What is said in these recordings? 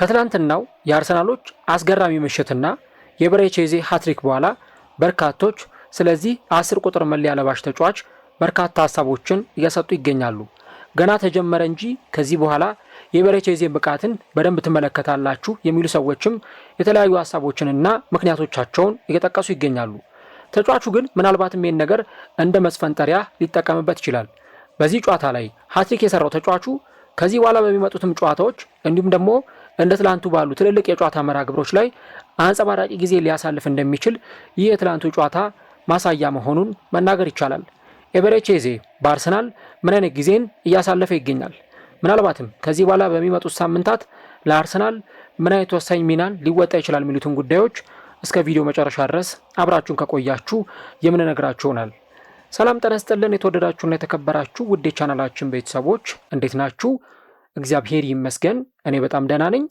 ከትናንትናው የአርሰናሎች አስገራሚ ምሽትና የብሬቼዜ ሃትሪክ በኋላ በርካቶች ስለዚህ አስር ቁጥር መለያ ለባሽ ተጫዋች በርካታ ሀሳቦችን እያሰጡ ይገኛሉ። ገና ተጀመረ እንጂ ከዚህ በኋላ የብሬቼዜን ብቃትን በደንብ ትመለከታላችሁ የሚሉ ሰዎችም የተለያዩ ሀሳቦችንና ምክንያቶቻቸውን እየጠቀሱ ይገኛሉ። ተጫዋቹ ግን ምናልባትም ይህን ነገር እንደ መስፈንጠሪያ ሊጠቀምበት ይችላል። በዚህ ጨዋታ ላይ ሀትሪክ የሰራው ተጫዋቹ ከዚህ በኋላ በሚመጡትም ጨዋታዎች እንዲሁም ደግሞ እንደ ትላንቱ ባሉ ትልልቅ የጨዋታ መርሃ ግብሮች ላይ አንጸባራቂ ጊዜ ሊያሳልፍ እንደሚችል ይህ የትላንቱ ጨዋታ ማሳያ መሆኑን መናገር ይቻላል። ኤቤሬቼዜ በአርሰናል ምን አይነት ጊዜን እያሳለፈ ይገኛል? ምናልባትም ከዚህ በኋላ በሚመጡት ሳምንታት ለአርሰናል ምን አይነት ወሳኝ ሚናን ሊወጣ ይችላል የሚሉትን ጉዳዮች እስከ ቪዲዮ መጨረሻ ድረስ አብራችሁን ከቆያችሁ የምንነግራችሁ ይሆናል። ሰላም ጠነስጥልን የተወደዳችሁና የተከበራችሁ ውድ የቻናላችን ቤተሰቦች እንዴት ናችሁ? እግዚአብሔር ይመስገን እኔ በጣም ደህና ነኝ።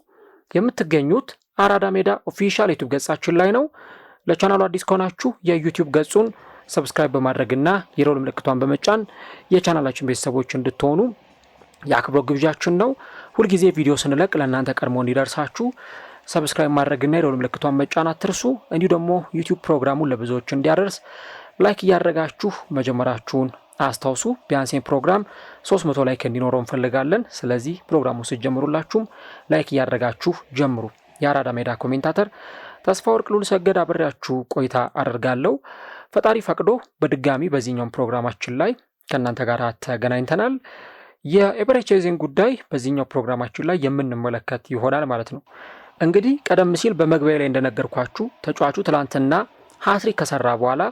የምትገኙት አራዳ ሜዳ ኦፊሻል ዩቱብ ገጻችን ላይ ነው። ለቻናሉ አዲስ ከሆናችሁ የዩቲዩብ ገጹን ሰብስክራይብ በማድረግና የሮል ምልክቷን በመጫን የቻናላችን ቤተሰቦች እንድትሆኑ የአክብሮ ግብዣችን ነው። ሁልጊዜ ቪዲዮ ስንለቅ ለእናንተ ቀድሞ እንዲደርሳችሁ ሰብስክራይብ ማድረግና የሮል ምልክቷን መጫን አትርሱ። እንዲሁ ደግሞ ዩቲዩብ ፕሮግራሙን ለብዙዎች እንዲያደርስ ላይክ እያደረጋችሁ መጀመራችሁን አስታውሱ። ቢያንስ ፕሮግራም 300 ላይክ እንዲኖረው እንፈልጋለን። ስለዚህ ፕሮግራሙ ስጀምሩላችሁም ላይክ እያደረጋችሁ ጀምሩ። የአራዳ ሜዳ ኮሜንታተር ተስፋ ወርቅ ሉል ሰገድ አብሬያችሁ ቆይታ አደርጋለሁ። ፈጣሪ ፈቅዶ በድጋሚ በዚህኛውም ፕሮግራማችን ላይ ከእናንተ ጋር ተገናኝተናል። የኤቨሬቼዜን ጉዳይ በዚህኛው ፕሮግራማችን ላይ የምንመለከት ይሆናል ማለት ነው። እንግዲህ ቀደም ሲል በመግቢያ ላይ እንደነገርኳችሁ ተጫዋቹ ትላንትና ሀትሪክ ከሰራ በኋላ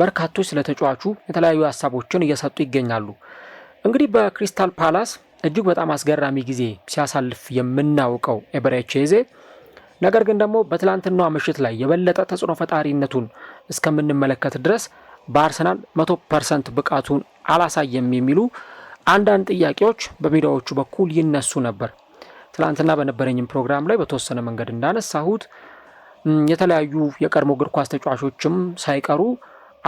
በርካቶች ስለ ተጫዋቹ የተለያዩ ሀሳቦችን እየሰጡ ይገኛሉ። እንግዲህ በክሪስታል ፓላስ እጅግ በጣም አስገራሚ ጊዜ ሲያሳልፍ የምናውቀው ኤበሬቼዜ ነገር ግን ደግሞ በትላንትናዋ ምሽት ላይ የበለጠ ተጽዕኖ ፈጣሪነቱን እስከምንመለከት ድረስ በአርሰናል መቶ ፐርሰንት ብቃቱን አላሳየም የሚሉ አንዳንድ ጥያቄዎች በሚዲያዎቹ በኩል ይነሱ ነበር። ትላንትና በነበረኝም ፕሮግራም ላይ በተወሰነ መንገድ እንዳነሳሁት የተለያዩ የቀድሞ እግር ኳስ ተጫዋቾችም ሳይቀሩ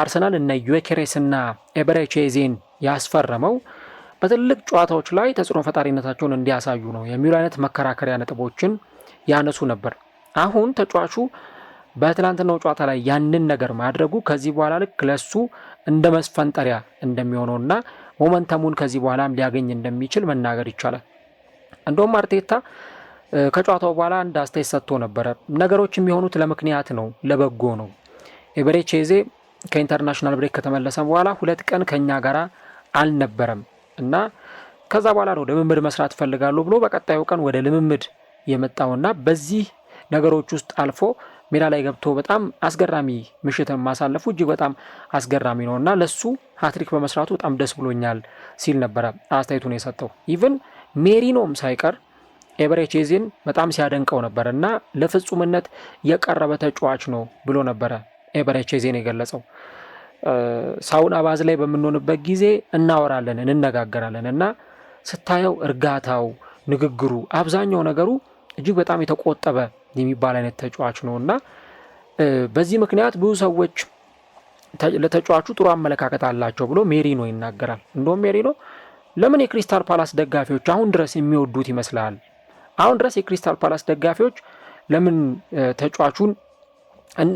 አርሰናል እነ ዩኬሬስና ኤበሬቼዜን ያስፈረመው በትልቅ ጨዋታዎች ላይ ተጽዕኖ ፈጣሪነታቸውን እንዲያሳዩ ነው የሚሉ አይነት መከራከሪያ ነጥቦችን ያነሱ ነበር። አሁን ተጫዋቹ በትላንትናው ጨዋታ ላይ ያንን ነገር ማድረጉ ከዚህ በኋላ ልክ ለሱ እንደ መስፈንጠሪያ እንደሚሆነውና ሞመንተሙን ከዚህ በኋላም ሊያገኝ እንደሚችል መናገር ይቻላል። እንደውም አርቴታ ከጨዋታው በኋላ አንድ አስተያየት ሰጥቶ ነበረ። ነገሮች የሚሆኑት ለምክንያት ነው፣ ለበጎ ነው። ኤበሬቼዜ ከኢንተርናሽናል ብሬክ ከተመለሰ በኋላ ሁለት ቀን ከኛ ጋር አልነበረም እና ከዛ በኋላ ነው ልምምድ መስራት እፈልጋለሁ ብሎ በቀጣዩ ቀን ወደ ልምምድ የመጣውና በዚህ ነገሮች ውስጥ አልፎ ሜዳ ላይ ገብቶ በጣም አስገራሚ ምሽትን ማሳለፉ እጅግ በጣም አስገራሚ ነው እና ለሱ ሀትሪክ በመስራቱ በጣም ደስ ብሎኛል ሲል ነበረ አስተያየቱን የሰጠው። ኢቨን ሜሪኖም ሳይቀር ኤበሬቼዜን በጣም ሲያደንቀው ነበር እና ለፍጹምነት የቀረበ ተጫዋች ነው ብሎ ነበረ ኤበረቼዜን የገለጸው። ሳውን አባዝ ላይ በምንሆንበት ጊዜ እናወራለን፣ እንነጋገራለን እና ስታየው እርጋታው፣ ንግግሩ፣ አብዛኛው ነገሩ እጅግ በጣም የተቆጠበ የሚባል አይነት ተጫዋች ነው እና በዚህ ምክንያት ብዙ ሰዎች ለተጫዋቹ ጥሩ አመለካከት አላቸው ብሎ ሜሪኖ ይናገራል። እንደውም ሜሪኖ ለምን የክሪስታል ፓላስ ደጋፊዎች አሁን ድረስ የሚወዱት ይመስላል? አሁን ድረስ የክሪስታል ፓላስ ደጋፊዎች ለምን ተጫዋቹን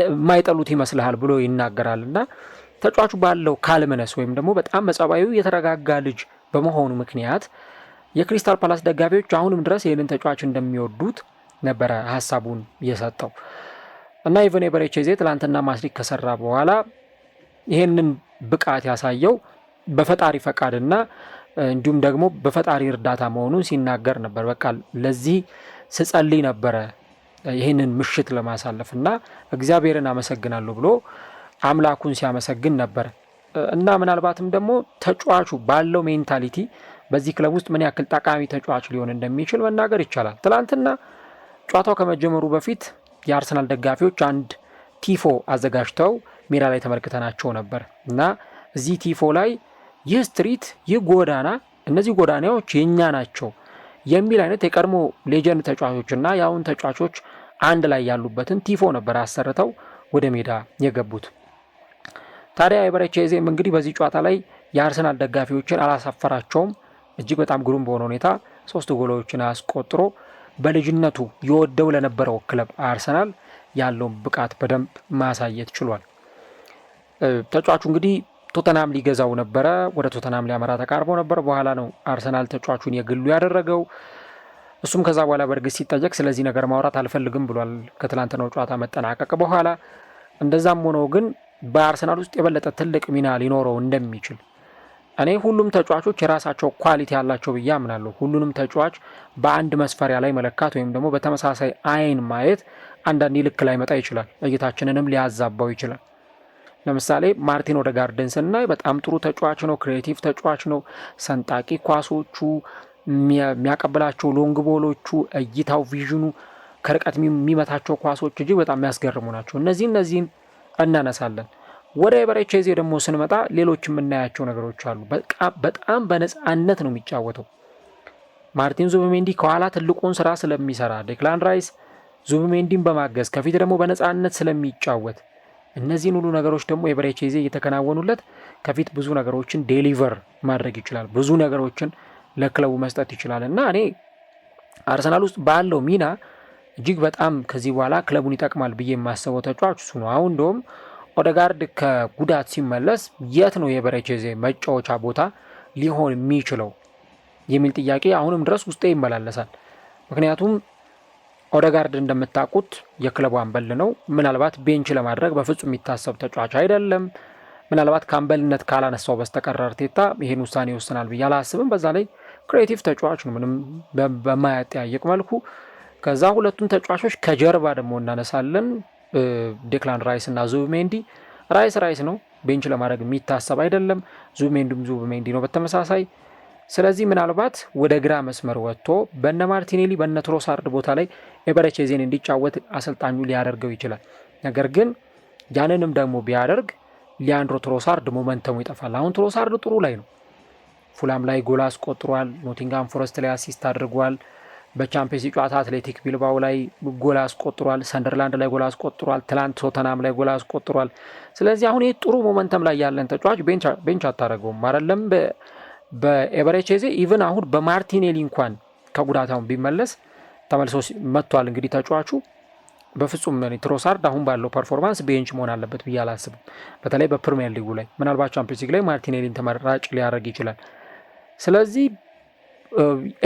የማይጠሉት ይመስልሃል ብሎ ይናገራል እና ተጫዋቹ ባለው ካልምነስ ወይም ደግሞ በጣም መጸባዩ የተረጋጋ ልጅ በመሆኑ ምክንያት የክሪስታል ፓላስ ደጋፊዎች አሁንም ድረስ ይህንን ተጫዋች እንደሚወዱት ነበረ ሀሳቡን የሰጠው እና ኢቨን ኤበሬቼዜ ትላንትና ማስሪክ ከሰራ በኋላ ይህንን ብቃት ያሳየው በፈጣሪ ፈቃድና እንዲሁም ደግሞ በፈጣሪ እርዳታ መሆኑን ሲናገር ነበር። በቃ ለዚህ ስጸልይ ነበረ ይህንን ምሽት ለማሳለፍ እና እግዚአብሔርን አመሰግናለሁ ብሎ አምላኩን ሲያመሰግን ነበር እና ምናልባትም ደግሞ ተጫዋቹ ባለው ሜንታሊቲ በዚህ ክለብ ውስጥ ምን ያክል ጠቃሚ ተጫዋች ሊሆን እንደሚችል መናገር ይቻላል። ትላንትና ጨዋታው ከመጀመሩ በፊት የአርሰናል ደጋፊዎች አንድ ቲፎ አዘጋጅተው ሜዳ ላይ ተመልክተናቸው ነበር እና እዚህ ቲፎ ላይ ይህ ስትሪት፣ ይህ ጎዳና፣ እነዚህ ጎዳናዎች የእኛ ናቸው የሚል አይነት የቀድሞ ሌጀንድ ተጫዋቾችና የአሁን ተጫዋቾች አንድ ላይ ያሉበትን ቲፎ ነበር አሰርተው ወደ ሜዳ የገቡት። ታዲያ ኤበረቺዜም እንግዲህ በዚህ ጨዋታ ላይ የአርሰናል ደጋፊዎችን አላሳፈራቸውም። እጅግ በጣም ግሩም በሆነ ሁኔታ ሶስት ጎሎዎችን አስቆጥሮ በልጅነቱ የወደው ለነበረው ክለብ አርሰናል ያለውን ብቃት በደንብ ማሳየት ችሏል። ተጫዋቹ እንግዲህ ቶተናም ሊገዛው ነበረ፣ ወደ ቶተናም ሊያመራ ተቃርቦ ነበር። በኋላ ነው አርሰናል ተጫዋቹን የግሉ ያደረገው። እሱም ከዛ በኋላ በእርግጥ ሲጠየቅ ስለዚህ ነገር ማውራት አልፈልግም ብሏል ከትላንትናው ጨዋታ መጠናቀቅ በኋላ። እንደዛም ሆኖ ግን በአርሰናል ውስጥ የበለጠ ትልቅ ሚና ሊኖረው እንደሚችል እኔ ሁሉም ተጫዋቾች የራሳቸው ኳሊቲ ያላቸው ብዬ አምናለሁ። ሁሉንም ተጫዋች በአንድ መስፈሪያ ላይ መለካት ወይም ደግሞ በተመሳሳይ አይን ማየት አንዳንዴ ልክ ላይመጣ ይችላል፣ እይታችንንም ሊያዛባው ይችላል። ለምሳሌ ማርቲን ጋርደን ስናይ በጣም ጥሩ ተጫዋች ነው፣ ክሬቲቭ ተጫዋች ነው። ሰንጣቂ ኳሶቹ የሚያቀብላቸው ሎንግ ቦሎቹ፣ እይታው፣ ቪዥኑ፣ ከርቀት የሚመታቸው ኳሶች እጅግ በጣም የሚያስገርሙ ናቸው። እነዚህ እነዚህን እናነሳለን። ወደ ኤበረቺዜ ደግሞ ስንመጣ ሌሎች የምናያቸው ነገሮች አሉ። በጣም በነፃነት ነው የሚጫወተው። ማርቲን ዙብሜንዲ ከኋላ ትልቁን ስራ ስለሚሰራ፣ ዴክላን ራይስ ዙብሜንዲን በማገዝ ከፊት ደግሞ በነፃነት ስለሚጫወት እነዚህን ሁሉ ነገሮች ደግሞ ኤበረቺዜ እየተከናወኑለት ከፊት ብዙ ነገሮችን ዴሊቨር ማድረግ ይችላል ብዙ ነገሮችን ለክለቡ መስጠት ይችላል እና እኔ አርሰናል ውስጥ ባለው ሚና እጅግ በጣም ከዚህ በኋላ ክለቡን ይጠቅማል ብዬ የማስበው ተጫዋች እሱ ነው። አሁን እንደውም ኦደጋርድ ከጉዳት ሲመለስ የት ነው የበረቼዜ መጫወቻ ቦታ ሊሆን የሚችለው የሚል ጥያቄ አሁንም ድረስ ውስጤ ይመላለሳል። ምክንያቱም ኦደጋርድ እንደምታውቁት የክለቡ አምበል ነው። ምናልባት ቤንች ለማድረግ በፍጹም የሚታሰብ ተጫዋች አይደለም። ምናልባት ከአምበልነት ካላነሳው በስተቀር አርቴታ ውሳኔ ይወስናል ብዬ አላስብም። በዛ ላይ ክሬቲቭ ተጫዋች ነው፣ ምንም በማያጠያየቅ መልኩ። ከዛ ሁለቱን ተጫዋቾች ከጀርባ ደግሞ እናነሳለን፣ ዴክላን ራይስ እና ዙብሜንዲ። ራይስ ራይስ ነው፣ ቤንች ለማድረግ የሚታሰብ አይደለም። ዙብሜንዲም ዙብሜንዲ ነው በተመሳሳይ። ስለዚህ ምናልባት ወደ ግራ መስመር ወጥቶ በነ ማርቲኔሊ በነ ትሮሳርድ ቦታ ላይ ኤበረቼዜን እንዲጫወት አሰልጣኙ ሊያደርገው ይችላል። ነገር ግን ያንንም ደግሞ ቢያደርግ ሊያንድሮ ትሮሳርድ ሞመንተሙ ይጠፋል። አሁን ትሮሳርድ ጥሩ ላይ ነው ፉላም ላይ ጎል አስቆጥሯል። ኖቲንጋም ፎረስት ላይ አሲስት አድርጓል። በቻምፒየንስ ጨዋታ አትሌቲክ ቢልባው ላይ ጎል አስቆጥሯል። ሰንደርላንድ ላይ ጎል አስቆጥሯል። ትላንት ቶተናም ላይ ጎል አስቆጥሯል። ስለዚህ አሁን ይህ ጥሩ ሞመንተም ላይ ያለን ተጫዋች ቤንች አታደረገውም አይደለም። በኤቨሬቼዜ ኢቨን አሁን በማርቲኔሊ እንኳን ከጉዳታውን ቢመለስ ተመልሶ መጥቷል። እንግዲህ ተጫዋቹ በፍጹም ትሮሳርድ አሁን ባለው ፐርፎርማንስ ቤንች መሆን አለበት ብዬ አላስብም። በተለይ በፕሪሚየር ሊጉ ላይ ምናልባት ቻምፒየንስ ሊግ ላይ ማርቲኔሊን ተመራጭ ሊያደርግ ይችላል። ስለዚህ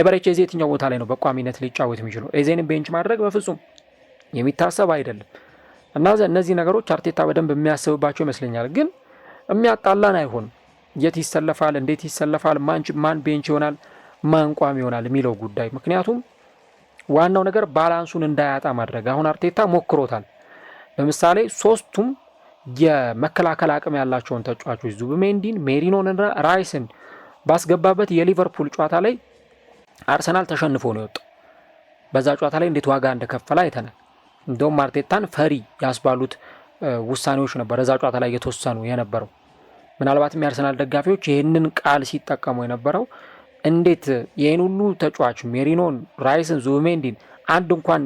ኤበሬች ኤዜ የትኛው ቦታ ላይ ነው በቋሚነት ሊጫወት የሚችለው? ኤዜንም ቤንች ማድረግ በፍጹም የሚታሰብ አይደለም እና እነዚህ ነገሮች አርቴታ በደንብ የሚያስብባቸው ይመስለኛል። ግን የሚያጣላን አይሆንም። የት ይሰለፋል፣ እንዴት ይሰለፋል፣ ማን ቤንች ይሆናል፣ ማን ቋሚ ይሆናል የሚለው ጉዳይ ምክንያቱም ዋናው ነገር ባላንሱን እንዳያጣ ማድረግ። አሁን አርቴታ ሞክሮታል። ለምሳሌ ሶስቱም የመከላከል አቅም ያላቸውን ተጫዋቾች ዙብሜንዲን፣ ሜሪኖን፣ ራይስን ባስገባበት የሊቨርፑል ጨዋታ ላይ አርሰናል ተሸንፎ ነው የወጣው። በዛ ጨዋታ ላይ እንዴት ዋጋ እንደከፈለ አይተናል። እንደውም አርቴታን ፈሪ ያስባሉት ውሳኔዎች ነበር እዛ ጨዋታ ላይ የተወሰኑ የነበረው። ምናልባትም የአርሰናል ደጋፊዎች ይህንን ቃል ሲጠቀሙ የነበረው እንዴት ይህን ሁሉ ተጫዋች ሜሪኖን፣ ራይስን፣ ዙሜንዲን አንድ እንኳን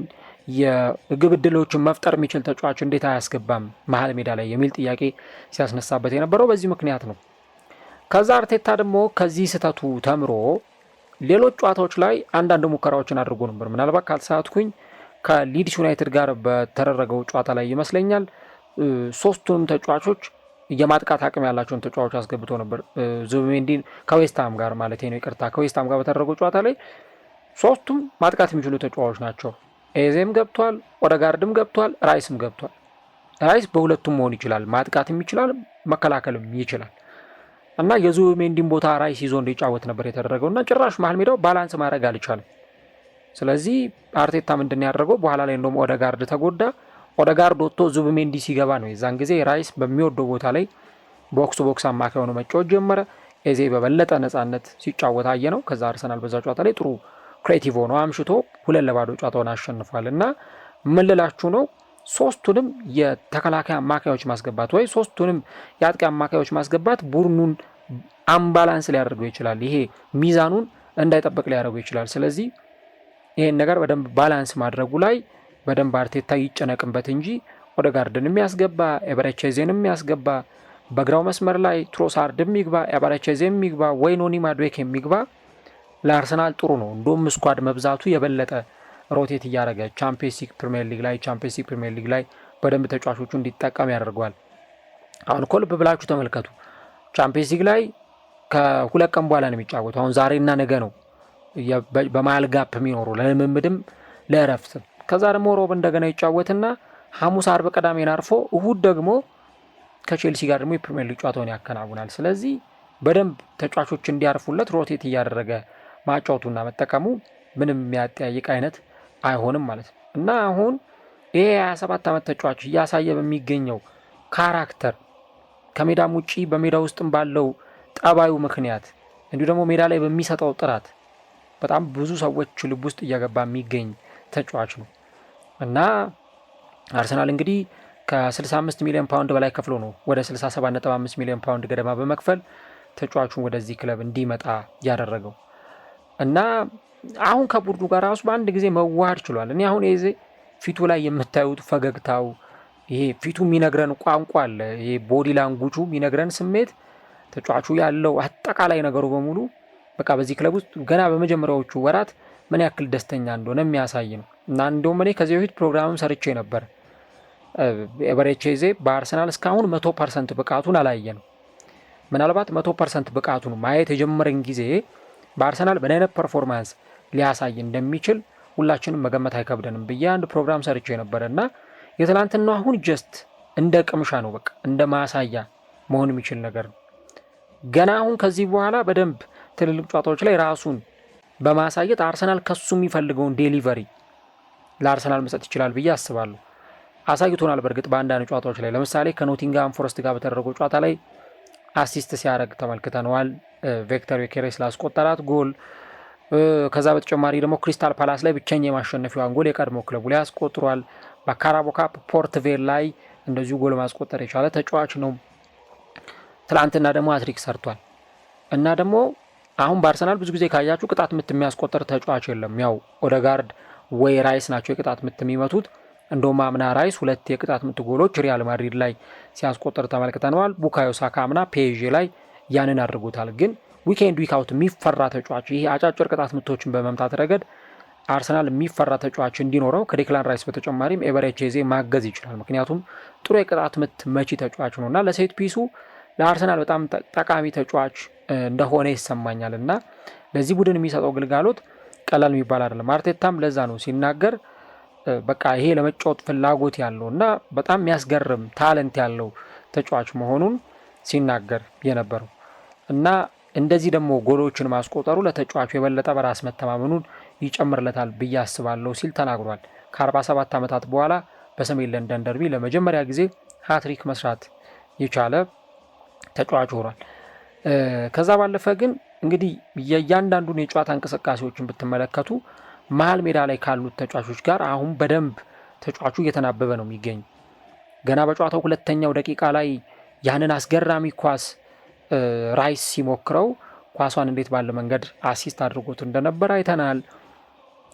የግብ ዕድሎችን መፍጠር የሚችል ተጫዋች እንዴት አያስገባም መሀል ሜዳ ላይ የሚል ጥያቄ ሲያስነሳበት የነበረው በዚህ ምክንያት ነው። ከዛ አርቴታ ደግሞ ከዚህ ስህተቱ ተምሮ ሌሎች ጨዋታዎች ላይ አንዳንድ ሙከራዎችን አድርጎ ነበር። ምናልባት ካልሰዓትኩኝ ከሊድስ ዩናይትድ ጋር በተደረገው ጨዋታ ላይ ይመስለኛል ሶስቱንም ተጫዋቾች የማጥቃት አቅም ያላቸውን ተጫዋቾች አስገብቶ ነበር። ዙቢሜንዲን ከዌስትሃም ጋር ማለት ነው፣ ይቅርታ ከዌስትሃም ጋር በተደረገው ጨዋታ ላይ ሶስቱም ማጥቃት የሚችሉ ተጫዋቾች ናቸው። ኤዜም ገብቷል፣ ኦደጋርድም ገብቷል፣ ራይስም ገብቷል። ራይስ በሁለቱም መሆን ይችላል። ማጥቃትም ይችላል፣ መከላከልም ይችላል። እና የዙቢሜንዲን ቦታ ራይስ ይዞ እንዲጫወት ነበር የተደረገው እና ጭራሽ መሀል ሜዳው ባላንስ ማድረግ አልቻለም። ስለዚህ አርቴታ ምንድን ያደረገው በኋላ ላይ እንደውም ኦደጋርድ ተጎዳ። ኦደጋርድ ወጥቶ ዙቢሜንዲ ሲገባ ነው የዛን ጊዜ ራይስ በሚወደው ቦታ ላይ ቦክስ ቦክስ አማካይ ሆኖ መጫወት ጀመረ። ኤዜ በበለጠ ነጻነት ሲጫወት አየ ነው። ከዛ አርሰናል በዛ ጨዋታ ላይ ጥሩ ክሬቲቭ ሆኖ አምሽቶ ሁለት ለባዶ ጨዋታውን አሸንፏል እና ምን ልላችሁ ነው ሶስቱንም የተከላካይ አማካዮች ማስገባት ወይ ሶስቱንም የአጥቂ አማካዮች ማስገባት ቡድኑን አምባላንስ ሊያደርገው ይችላል። ይሄ ሚዛኑን እንዳይጠበቅ ሊያደርገው ይችላል። ስለዚህ ይሄን ነገር በደንብ ባላንስ ማድረጉ ላይ በደንብ አርቴታ ይጨነቅበት እንጂ ወደ ጋርድን የሚያስገባ ኤበረቼዜን የሚያስገባ በግራው መስመር ላይ ትሮሳርድ የሚግባ ኤበረቼዜ የሚግባ ወይ ኖኒ ማድዌክ የሚግባ ለአርሰናል ጥሩ ነው። እንደውም ስኳድ መብዛቱ የበለጠ ሮቴት እያደረገ ቻምፒየንስ ሊግ ፕሪሚየር ሊግ ላይ ቻምፒየንስ ሊግ ፕሪሚየር ሊግ ላይ በደንብ ተጫዋቾቹ እንዲጠቀም ያደርገዋል። አሁን እኮ ልብ ብላችሁ ተመልከቱ። ቻምፒየንስ ሊግ ላይ ከሁለት ቀን በኋላ ነው የሚጫወቱ። አሁን ዛሬና ነገ ነው በማያል ጋፕ የሚኖሩ ለልምምድም ለእረፍትም። ከዛ ደግሞ ሮብ እንደገና ይጫወትና ሐሙስ፣ አርብ፣ ቅዳሜን አርፎ እሁድ ደግሞ ከቼልሲ ጋር ደግሞ የፕሪሚየር ሊግ ጨዋታውን ያከናውናል። ስለዚህ በደንብ ተጫዋቾች እንዲያርፉለት ሮቴት እያደረገ ማጫወቱና መጠቀሙ ምንም የሚያጠያይቅ አይነት አይሆንም ማለት ነው እና አሁን ይሄ የ27 ዓመት ተጫዋች እያሳየ በሚገኘው ካራክተር ከሜዳም ውጪ በሜዳ ውስጥም ባለው ጠባዩ ምክንያት እንዲሁ ደግሞ ሜዳ ላይ በሚሰጠው ጥራት በጣም ብዙ ሰዎች ልብ ውስጥ እያገባ የሚገኝ ተጫዋች ነው እና አርሰናል እንግዲህ ከ65 ሚሊዮን ፓውንድ በላይ ከፍሎ ነው ወደ 67.5 ሚሊዮን ፓውንድ ገደማ በመክፈል ተጫዋቹን ወደዚህ ክለብ እንዲመጣ ያደረገው እና አሁን ከቡድኑ ጋር ራሱ በአንድ ጊዜ መዋሃድ ችሏል። እኔ አሁን ይዜ ፊቱ ላይ የምታዩት ፈገግታው ይሄ ፊቱ የሚነግረን ቋንቋ አለ። ይሄ ቦዲ ላንጉጁ የሚነግረን ስሜት፣ ተጫዋቹ ያለው አጠቃላይ ነገሩ በሙሉ በቃ በዚህ ክለብ ውስጥ ገና በመጀመሪያዎቹ ወራት ምን ያክል ደስተኛ እንደሆነ የሚያሳይ ነው እና እንደውም እኔ ከዚህ በፊት ፕሮግራምም ሰርቼ ነበር። ዜ በአርሰናል እስካሁን መቶ ፐርሰንት ብቃቱን አላየ ነው። ምናልባት መቶ ፐርሰንት ብቃቱን ማየት የጀመረን ጊዜ በአርሰናል ምን አይነት ፐርፎርማንስ ሊያሳይ እንደሚችል ሁላችንም መገመት አይከብደንም ብዬ አንድ ፕሮግራም ሰርቼ ነበረ እና የትላንትና አሁን ጀስት እንደ ቅምሻ ነው፣ በቃ እንደ ማሳያ መሆን የሚችል ነገር ነው። ገና አሁን ከዚህ በኋላ በደንብ ትልልቅ ጨዋታዎች ላይ ራሱን በማሳየት አርሰናል ከሱ የሚፈልገውን ዴሊቨሪ ለአርሰናል መስጠት ይችላል ብዬ አስባለሁ። አሳይቶናል። በእርግጥ በአንዳንድ ጨዋታዎች ላይ ለምሳሌ ከኖቲንግሃም ፎረስት ጋር በተደረገው ጨዋታ ላይ አሲስት ሲያደርግ ተመልክተነዋል። ቬክተር ዮኬሬስ ላስቆጠራት ጎል ከዛ በተጨማሪ ደግሞ ክሪስታል ፓላስ ላይ ብቸኛ የማሸነፊዋን ጎል የቀድሞ ክለቡ ላይ አስቆጥሯል። በካራቦ ካፕ ፖርት ቬል ላይ እንደዚሁ ጎል ማስቆጠር የቻለ ተጫዋች ነው። ትላንትና ደግሞ አትሪክ ሰርቷል እና ደግሞ አሁን በአርሰናል ብዙ ጊዜ ካያችሁ ቅጣት ምት የሚያስቆጠር ተጫዋች የለም። ያው ኦደጋርድ ወይ ራይስ ናቸው የቅጣት ምት የሚመቱት። እንደውም አምና ራይስ ሁለት የቅጣት ምት ጎሎች ሪያል ማድሪድ ላይ ሲያስቆጠር ተመልክተነዋል። ቡካዮ ሳካ አምና ፔዤ ላይ ያንን አድርጎታል። ግን ዊኬንድ ዊካውት የሚፈራ ተጫዋች ይሄ አጫጭር ቅጣት ምቶችን በመምታት ረገድ አርሰናል የሚፈራ ተጫዋች እንዲኖረው ከዴክላን ራይስ በተጨማሪም ኤቨሬች ኤዜ ማገዝ ይችላል። ምክንያቱም ጥሩ የቅጣት ምት መቺ ተጫዋች ነው እና ለሴት ፒሱ ለአርሰናል በጣም ጠቃሚ ተጫዋች እንደሆነ ይሰማኛል እና ለዚህ ቡድን የሚሰጠው ግልጋሎት ቀላል የሚባል አይደለም። አርቴታም ለዛ ነው ሲናገር በቃ ይሄ ለመጫወት ፍላጎት ያለው እና በጣም የሚያስገርም ታለንት ያለው ተጫዋች መሆኑን ሲናገር የነበረው እና እንደዚህ ደግሞ ጎሎችን ማስቆጠሩ ለተጫዋቹ የበለጠ በራስ መተማመኑን ይጨምርለታል ብዬ አስባለሁ ሲል ተናግሯል። ከ47 ዓመታት በኋላ በሰሜን ለንደን ደርቢ ለመጀመሪያ ጊዜ ሀትሪክ መስራት የቻለ ተጫዋች ሆኗል። ከዛ ባለፈ ግን እንግዲህ የእያንዳንዱን የጨዋታ እንቅስቃሴዎችን ብትመለከቱ መሀል ሜዳ ላይ ካሉት ተጫዋቾች ጋር አሁን በደንብ ተጫዋቹ እየተናበበ ነው የሚገኝ። ገና በጨዋታው ሁለተኛው ደቂቃ ላይ ያንን አስገራሚ ኳስ ራይስ ሲሞክረው ኳሷን እንዴት ባለ መንገድ አሲስት አድርጎት እንደነበር አይተናል።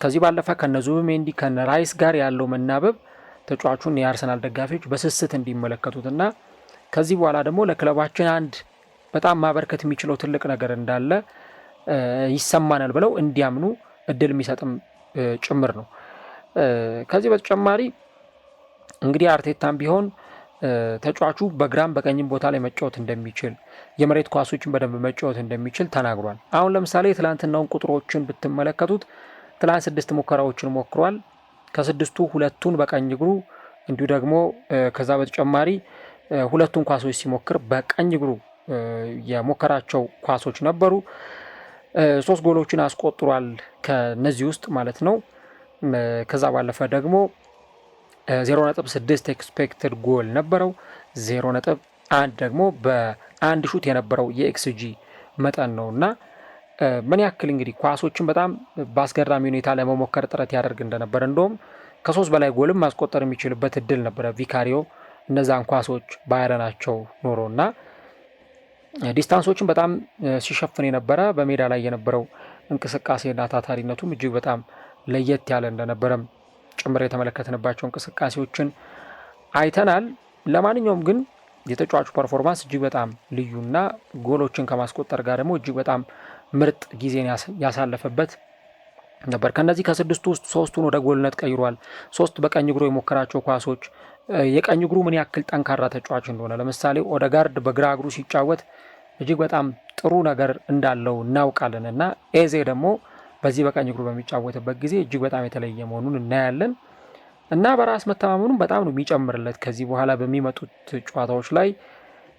ከዚህ ባለፈ ከነ ዙቢሜንዲ ከነ ራይስ ጋር ያለው መናበብ ተጫዋቹን የአርሰናል ደጋፊዎች በስስት እንዲመለከቱትና ከዚህ በኋላ ደግሞ ለክለባችን አንድ በጣም ማበርከት የሚችለው ትልቅ ነገር እንዳለ ይሰማናል ብለው እንዲያምኑ እድል የሚሰጥም ጭምር ነው። ከዚህ በተጨማሪ እንግዲህ አርቴታም ቢሆን ተጫዋቹ በግራም በቀኝም ቦታ ላይ መጫወት እንደሚችል የመሬት ኳሶችን በደንብ መጫወት እንደሚችል ተናግሯል። አሁን ለምሳሌ ትላንትናውን ቁጥሮችን ብትመለከቱት ትላንት ስድስት ሙከራዎችን ሞክሯል። ከስድስቱ ሁለቱን በቀኝ እግሩ እንዲሁ ደግሞ ከዛ በተጨማሪ ሁለቱን ኳሶች ሲሞክር በቀኝ እግሩ የሞከራቸው ኳሶች ነበሩ። ሶስት ጎሎችን አስቆጥሯል ከነዚህ ውስጥ ማለት ነው። ከዛ ባለፈ ደግሞ 0.6 ኤክስፔክትድ ጎል ነበረው። 0.1 ደግሞ በአንድ ሹት የነበረው የኤክስጂ መጠን ነው እና ምን ያክል እንግዲህ ኳሶችን በጣም በአስገራሚ ሁኔታ ለመሞከር ጥረት ያደርግ እንደነበረ እንደውም ከሶስት በላይ ጎልም ማስቆጠር የሚችልበት እድል ነበረ ቪካሪዮ እነዛን ኳሶች ባያረናቸው ኖሮ እና ዲስታንሶችን በጣም ሲሸፍን የነበረ በሜዳ ላይ የነበረው እንቅስቃሴና ታታሪነቱም እጅግ በጣም ለየት ያለ እንደነበረም ጭምር የተመለከትንባቸው እንቅስቃሴዎችን አይተናል። ለማንኛውም ግን የተጫዋቹ ፐርፎርማንስ እጅግ በጣም ልዩና ጎሎችን ከማስቆጠር ጋር ደግሞ እጅግ በጣም ምርጥ ጊዜን ያሳለፈበት ነበር። ከነዚህ ከስድስቱ ውስጥ ሶስቱን ወደ ጎልነት ቀይሯል። ሶስት በቀኝ እግሩ የሞከራቸው ኳሶች የቀኝ እግሩ ምን ያክል ጠንካራ ተጫዋች እንደሆነ ለምሳሌ ኦደጋርድ በግራ እግሩ ሲጫወት እጅግ በጣም ጥሩ ነገር እንዳለው እናውቃለን እና ኤዜ ደግሞ በዚህ በቀኝ እግሩ በሚጫወትበት ጊዜ እጅግ በጣም የተለየ መሆኑን እናያለን እና በራስ መተማመኑን በጣም ነው የሚጨምርለት። ከዚህ በኋላ በሚመጡት ጨዋታዎች ላይ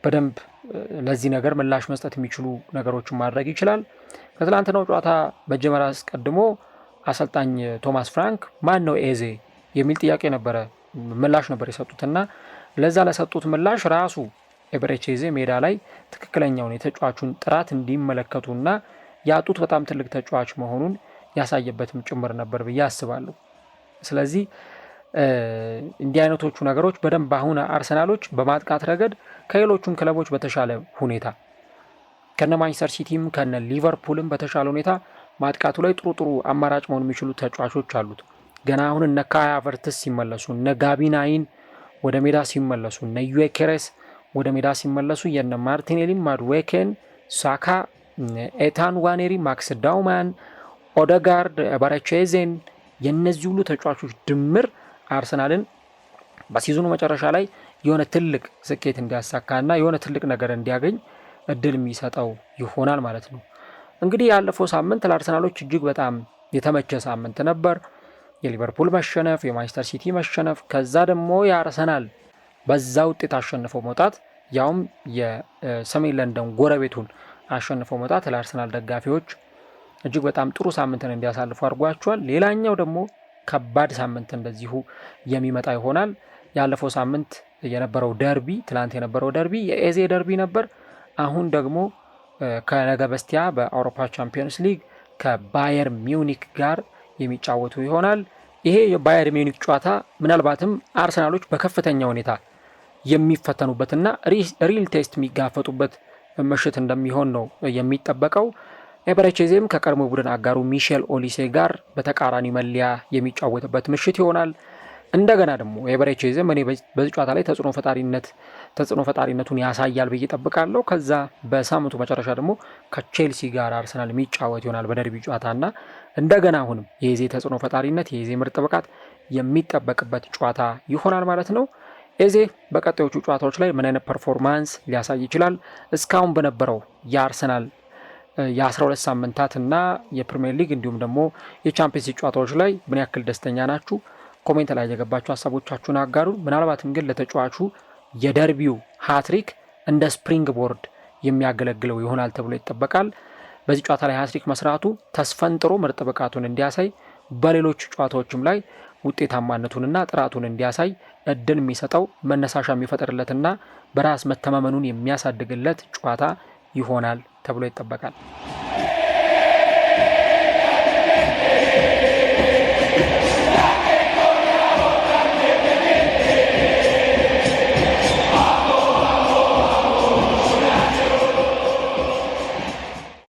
በደንብ ለዚህ ነገር ምላሽ መስጠት የሚችሉ ነገሮችን ማድረግ ይችላል። ከትላንትናው ጨዋታ መጀመር አስቀድሞ አሰልጣኝ ቶማስ ፍራንክ ማን ነው ኤዜ የሚል ጥያቄ ነበረ ምላሽ ነበር የሰጡትና ለዛ ለሰጡት ምላሽ ራሱ ኤበረቺ ኤዜ ሜዳ ላይ ትክክለኛውን የተጫዋቹን ጥራት እንዲመለከቱና ያጡት በጣም ትልቅ ተጫዋች መሆኑን ያሳየበትም ጭምር ነበር ብዬ አስባለሁ። ስለዚህ እንዲህ አይነቶቹ ነገሮች በደንብ አሁን አርሰናሎች በማጥቃት ረገድ ከሌሎቹም ክለቦች በተሻለ ሁኔታ ከነ ማንቸስተር ሲቲም ከነ ሊቨርፑልም በተሻለ ሁኔታ ማጥቃቱ ላይ ጥሩ ጥሩ አማራጭ መሆን የሚችሉ ተጫዋቾች አሉት። ገና አሁን እነ ካያ ቨርትስ ሲመለሱ እነ ጋቢናይን ወደ ሜዳ ሲመለሱ እነ ዩኬሬስ ወደ ሜዳ ሲመለሱ የነ ማርቲኔሊም ማድዌኬን ሳካ ኤታን ዋኔሪ፣ ማክስ ዳውማን፣ ኦደጋርድ፣ ባረቼዜን የእነዚህ ሁሉ ተጫዋቾች ድምር አርሰናልን በሲዝኑ መጨረሻ ላይ የሆነ ትልቅ ስኬት እንዲያሳካና የሆነ ትልቅ ነገር እንዲያገኝ እድል የሚሰጠው ይሆናል ማለት ነው። እንግዲህ ያለፈው ሳምንት ለአርሰናሎች እጅግ በጣም የተመቸ ሳምንት ነበር። የሊቨርፑል መሸነፍ፣ የማንቸስተር ሲቲ መሸነፍ፣ ከዛ ደግሞ የአርሰናል በዛ ውጤት አሸንፈው መውጣት ያውም የሰሜን ለንደን ጎረቤቱን አሸንፎ መውጣት ለአርሰናል ደጋፊዎች እጅግ በጣም ጥሩ ሳምንትን እንዲያሳልፉ አድርጓቸዋል። ሌላኛው ደግሞ ከባድ ሳምንት እንደዚሁ የሚመጣ ይሆናል። ያለፈው ሳምንት የነበረው ደርቢ፣ ትላንት የነበረው ደርቢ የኤዜ ደርቢ ነበር። አሁን ደግሞ ከነገ በስቲያ በአውሮፓ ቻምፒዮንስ ሊግ ከባየር ሚውኒክ ጋር የሚጫወቱ ይሆናል። ይሄ የባየር ሚውኒክ ጨዋታ ምናልባትም አርሰናሎች በከፍተኛ ሁኔታ የሚፈተኑበትና ሪል ቴስት የሚጋፈጡበት ምሽት እንደሚሆን ነው የሚጠበቀው። ኤበረቼዜም ከቀድሞ ቡድን አጋሩ ሚሼል ኦሊሴ ጋር በተቃራኒ መለያ የሚጫወትበት ምሽት ይሆናል። እንደገና ደግሞ ኤበረቼዜም እኔ በዚህ ጨዋታ ላይ ተጽዕኖ ፈጣሪነት ተጽዕኖ ፈጣሪነቱን ያሳያል ብዬ ጠብቃለሁ። ከዛ በሳምንቱ መጨረሻ ደግሞ ከቼልሲ ጋር አርሰናል የሚጫወት ይሆናል በደርቢ ጨዋታ ጨዋታና እንደገና አሁንም የዜ ተጽዕኖ ፈጣሪነት የዜ ምርጥ ብቃት የሚጠበቅበት ጨዋታ ይሆናል ማለት ነው። ኤዜ በቀጣዮቹ ጨዋታዎች ላይ ምን አይነት ፐርፎርማንስ ሊያሳይ ይችላል? እስካሁን በነበረው የአርሰናል የ12 ሳምንታት እና የፕሪሚየር ሊግ እንዲሁም ደግሞ የቻምፒየንስ ሊግ ጨዋታዎች ላይ ምን ያክል ደስተኛ ናችሁ? ኮሜንት ላይ የገባችሁ ሀሳቦቻችሁን አጋሩ። ምናልባትም ግን ለተጫዋቹ የደርቢው ሃትሪክ እንደ ስፕሪንግ ቦርድ የሚያገለግለው ይሆናል ተብሎ ይጠበቃል። በዚህ ጨዋታ ላይ ሃትሪክ መስራቱ ተስፈንጥሮ ምርጥ ብቃቱን እንዲያሳይ በሌሎች ጨዋታዎችም ላይ ውጤታማነቱንና ጥራቱን እንዲያሳይ እድል የሚሰጠው መነሳሻ የሚፈጥርለትና በራስ መተማመኑን የሚያሳድግለት ጨዋታ ይሆናል ተብሎ ይጠበቃል።